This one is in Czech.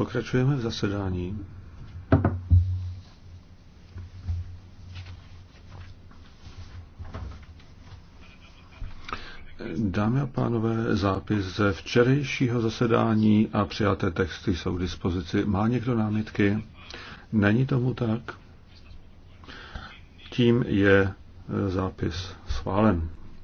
Pokračujeme v zasedání. Dámy a pánové, zápis ze včerejšího zasedání a přijaté texty jsou k dispozici. Má někdo námitky? Není tomu tak? Tím je e, zápis schválen.